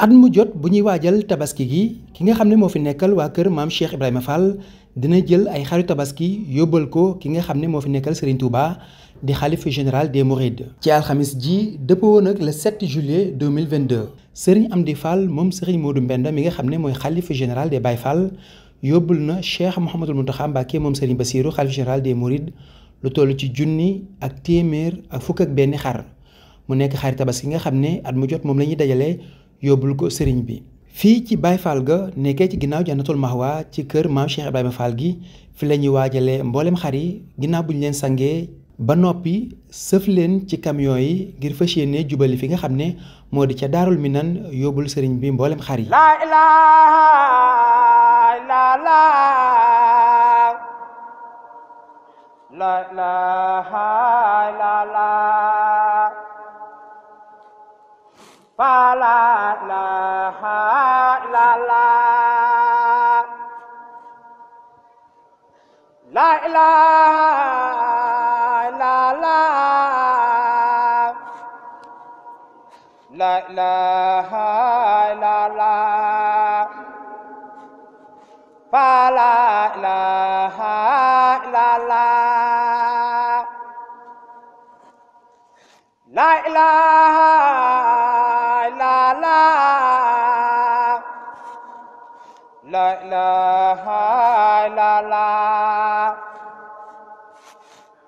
at mu jot bu ñuy waajal tabaski gi ki nga xam ne moo fi nekkal waa kër maam Cheikh Ibrahima Fall dina jël ay xaru tabaski yóbbal ko ki nga xam ne moo fi nekkal Serigne Touba di xalifa général des Mourides. ci alxamis ji dëppoo nag le 7 juillet 2022 am di Fall moom Serigne Modou Mbenda mi nga xam ne mooy xalifa général des bay Fall yóbbul na Cheikh Mouhamadul Mountakha Mbacké moom Serigne Bassirou xalif général de Mourides lu toll ci junni ak téeméer ak fukk xar mu nekk xaru tabaski nga xam ne at mu jot moom la ñuy dajale. yóbbul ko sëriñ bi fii ci Baye Fall ga nekkee ci ginnaaw Jannatul Mahwa ci kër maam Cheikh Ibrahima Fall gi fi la ñuy waajalee mboolem xar yi ginnaaw bu ñu leen sangee ba noppi sëf leen ci camion yi ngir fas yéene jubali fi nga xam ne moo di ca Daarul Minan yóbbul sëriñ bi mboolem xar yi. লা লা লা লা লা লা ফা লা লা লা লা লা ইলাহা ইল্লাল্লাহ লা ইলাহা ইল্লাল্লাহ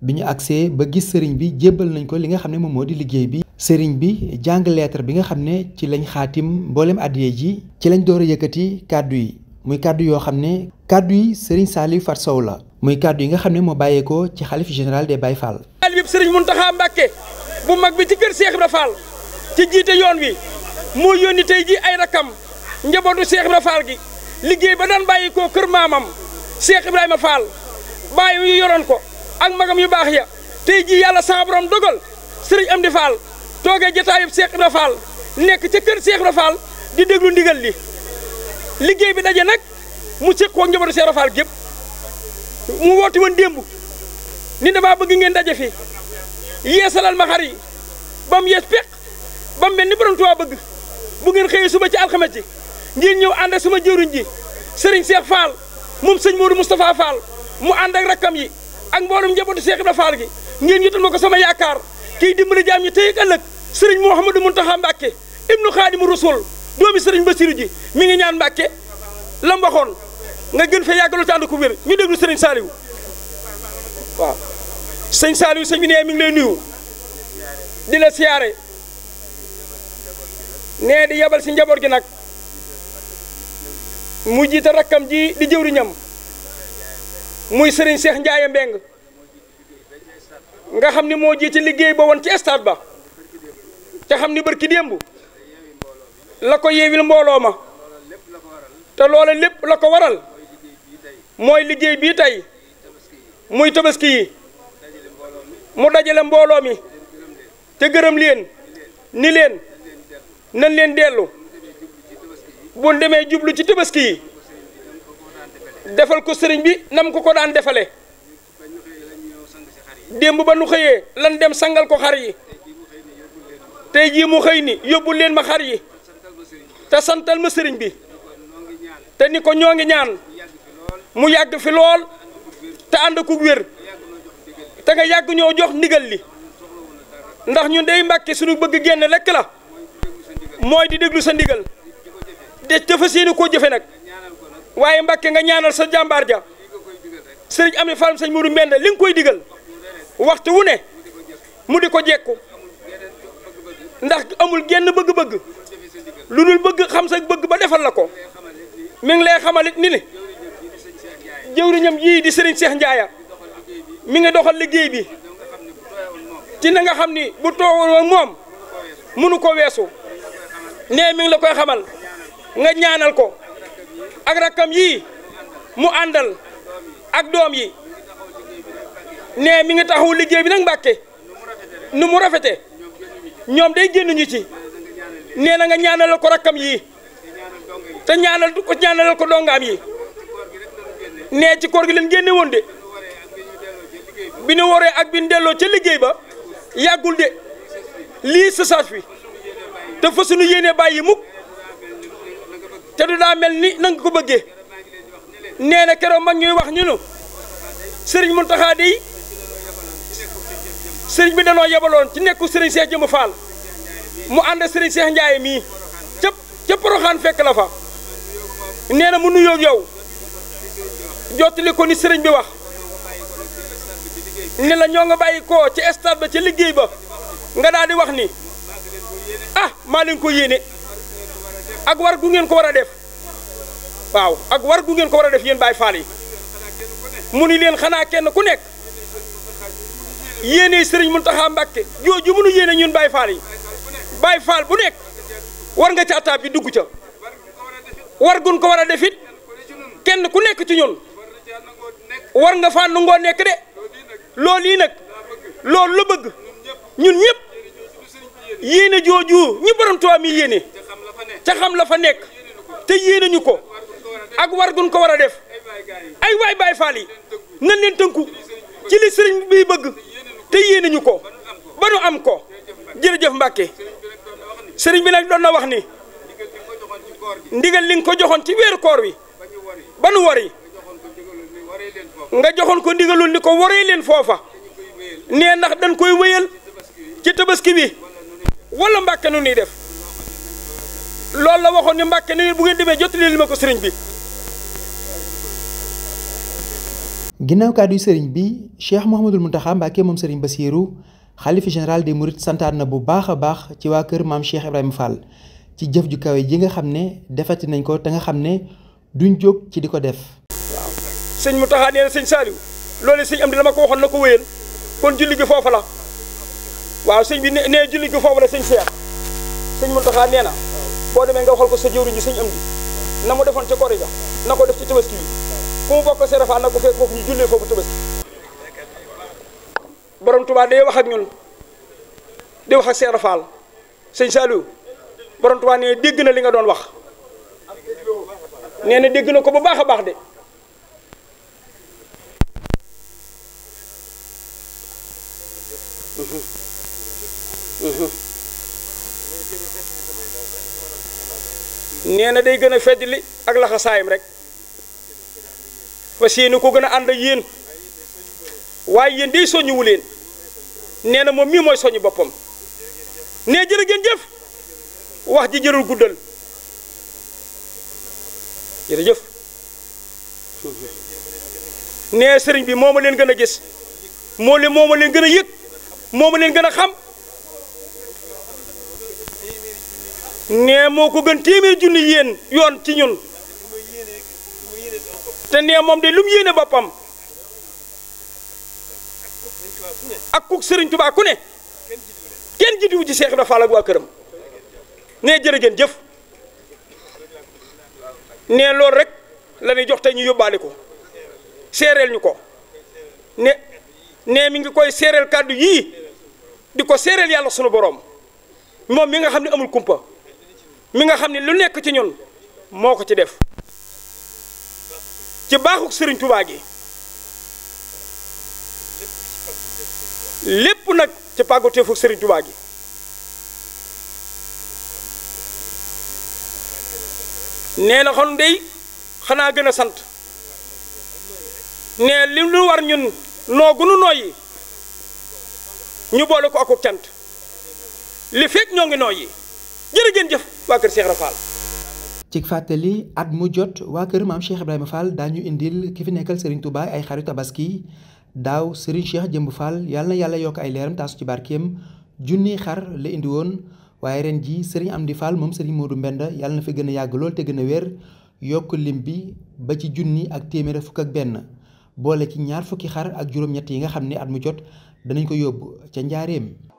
bi ñu agsee ba gis sëriñ bi jébbal nañ ko li nga xam ne moom moo di liggéey bi sëriñ bi jàng lettre bi nga xam ne ci lañ xaatim mboolem addiye ji ci lañ door a yëkkati kàddu yi muy kàddu yoo xam ne kàddu yi sëriñ Saliou Fat Sow la muy kàddu yi nga xam ne moo bàyyeekoo ci xalif général des Baye Fall taalibeb sëriñ Mountakha Mbacké bu mag bi ci kër Cheikh Ibra Fall ci jiite yoon wi moo yónni tey ji ay rakam njabootu Cheikh Ibra Fall gi liggéey ba daan bàyyi koo kër maamam Cheikh ak magam yu bax ya tay ji yalla sa borom dogal serigne Amdi Fall toge jotaayub Cheikh Ibra Fall nekk ca kër Cheikh Ibra Fall di deglu ndigal li liggey bi daje nak mu séq ko njabootu Cheikh Ibra Fall gépp mu woti won démb ni dama bëgg ngeen daje fi yeesalal ma xar yi yees pek bam melni borom tuwa bëgg bu ngeen suba ci ji ngeen ñew suma ji Cheikh Fall mom serigne Modou Fall mu and ak rakam yi ak mboolem njabootu Cheikh Ibra Fall gi ngeen jotal ma ko sama yaakaar kiy dimbali jaam ñi tey ak ëllëg sëriñ Mouhamadou Mountakha Mbacke ibnu Xaadimu Rasul doomi sëriñ Basiru ji mi ngi ñaan Mbacke lam waxoon nga gën fee yàggaloo te ànd ko wér ñu déglu sëriñ Saliou waaw sëñ Saliou sëñ bi nee mi ngi lay nuyu di la siyaare nee di yabal si njaboot gi nag mu jiite rakkam ji di jëwriñam muy Serigne Cheikh Ndiaye Mbeng nga xam ni moo jiite liggéey ba woon ci stade ba te xam ni barki démb la ko yeewil mbooloo ma te loola lépp la ko waral mooy liggéey bii tey muy tabaski yi mu dajale mbooloo mi te gërëm leen ni leen nañ leen dellu bu demee jublu ci tabaski yi defal ko sëriñ bi nam ko ko daan defale démb ba nu xëyee lan dem sangal ko xar yi te jii mu xëy ni yóbbu leen ma xar yi te santal ma sëriñ bi te ni ko ñoo ngi ñaan mu yàgg fi lool te ànd ku wér te nga yàgg ñoo jox ndigal li ndax ñu day mbàkke suñu bëgg génn lekk la mooy di déglu sa ndigal de jëfe seeni koo jëfe nag Mbàkke nga ñaanal sa jàmbaar ja sëriñ Amdi Fall sëñ Mourou Mbende li nga koy digal waxtu wu ne mu di ko jekku ndax amul genn bëgg-bëgg lu dul bëgg xam sa bëgg ba defal la ko mi ngi lay xamal ni ne jëwriñam yii di sëriñ Cheikh Ndiaye mi ngi doxal liggéey bi ci na nga xam ni bu toowoon moom mënu ko weesu nee mi ngi la koy xamal nga ñaanal ko ak rakkam yii mu àndal ak doom yi ne mi nga taxawu liggéey bi nag bakke nu mu rafete ñoom day génnuñu ci nee na nga ñaanalal ko rakkam yi te ñaanal ko ñaanalal ko dongaam yi nee ci kor gi leen génnewoon woon de bi nu waree ak bi nu delloo ca liggéey ba yàggul de lii sësaat bi te fa suñu yéene yi mukk te du daa mel ni nanga ko bëggee neena na mag ñuy wax ñunu serigne muntaha di serigne bi dañu yebaloon ci nekku serigne Cheikh jëm faal mu and serigne Cheikh ndjay mi ci ci proxan fekk la fa neena mu nuyo ak yow jottali ko ni serigne bi wax ni la ñonga bayiko ci stade ba ci liggey ba nga wax ni ah ma leen ko yene ak war gu ngeen ko wara def waaw ak war gu ngeen ko war a def yéen bay Faal yi mu ni leen xanaa kenn ku nekk sëriñ yéene Serigne Mountakha Mbacké jooju mënu yéene ñun bay Faal yi Baay Faal bu nekk war nga ca taab bi dugg ca war gun ko war a def kenn ku nekk ci ñun war nga faa nangoo nekk de loolu yi nag loolu la bëgg ñun ñëpp yéene jooju ñu borom Tuubaa mi yéene ca xam la fa nekk te yéene ñu ko. ak war gun ko war a def ay waay Baay Faal yi nan leen tënku ci li sëriñ bi bëgg te yéene ko ba nu am ko jërëjëf Mbàkke sëriñ bi nag doon na wax ni ndigal li nga ko joxoon ci weeru koor wi ba nu wari nga joxoon ko ndigalul ni ko waree leen foofa nee ndax dañ koy wéyal ci tabaski bi walla Mbàkke nu ñuy def loolu na waxoon ni Mbàkke ni bu ngeen demee jottali li ma ko sëriñ bi ginnaaw kàddu yi sëriñ bi Cheikh Mouhamadul Mountakha Mbacké moom sëriñ Bassirou xalifa général des Mourides santaan na bu baax baax ci waa kër maam Cheikh Ibrahima Fall ci jëf ju kawe ji nga xam ne defati nañ ko te nga xam ne duñ jóg ci di ko def. waaw sëñ Mountakha nee na sëñ Saliou loolu sëñ am dama ko waxoon na ko wéyal kon julli gi foofu la waaw sëñ bi nee julli gi foofu la sëñ Cheikh sëñ Mountakha nee na boo demee nga waxal ko sa jëwriñu sëñ am na mu defoon ca kori ga na ko def ci tabaski bi fu mu bokk Serap na ko fekk foofu ñu jullee foofu Tabaski borom Touba day wax ak ñun di wax ak Serap Fall sëñ borom Touba nee dégg na li nga doon wax nee dégg na ko bu baax baax de. nee na day gën a fedd li ak laxa rek fas yéene ko gëna a ànd ak yeen waaye yéen day soññuwu leen nee na moom mii mooy soññu boppam nee jërë ngeen jëf wax ji jërul guddal jërëjëf ne serigne bi moma ma leen gën gis mo le moma leen gën a yëg leen xam ne moko gën téeméer junni yeen yoon ci ñun te nee moom de lu mu yéene boppam ak ku sëriñ Tuubaa ku ne kenn jiituwu ci Seex Ibra Faal waa këram nee jërë ngeen jëf nee loolu rek la jox te ñu yóbbaale ko seereel ñu ko ne nee mi ngi koy seereel kàddu yii di ko seereel yàlla sunu boroom moom mi nga xam ne amul kumpa mi nga xam ne lu nekk ci ñun moo ko ci def ci baaxuk sëriñ Tuubaa gi lépp nag ci pàggu teefuk sëriñ Tuubaa gi nee na xon dey xanaa gën a sant ne li lu war ñun noo gunu nooyi ñu boole ko akuk cant li fekk ñoo ngi nooyi jërëjëf waa kër Cheikh Rafal ci fàttali at mu jot waa kër maam Cheikh Ibrahima Fall daañu indil ki fi nekkal Serigne Touba ay xaru tabaski daaw Serigne Cheikh Jëmb Fall yàlla na yàlla yokk ay leeram taasu ci barkeem junni xar la indi woon waaye ren ji Serigne Amdi Fall moom Serigne Modou Mbenda yàlla na fi gën a yàgg loolu te gën a wér yokk lim bi ba ci junni ak téeméer fukk ak benn boole ci ñaar fukki xar ak juróom-ñett yi nga xam ne at mu jot danañ ko yóbbu ca njaareem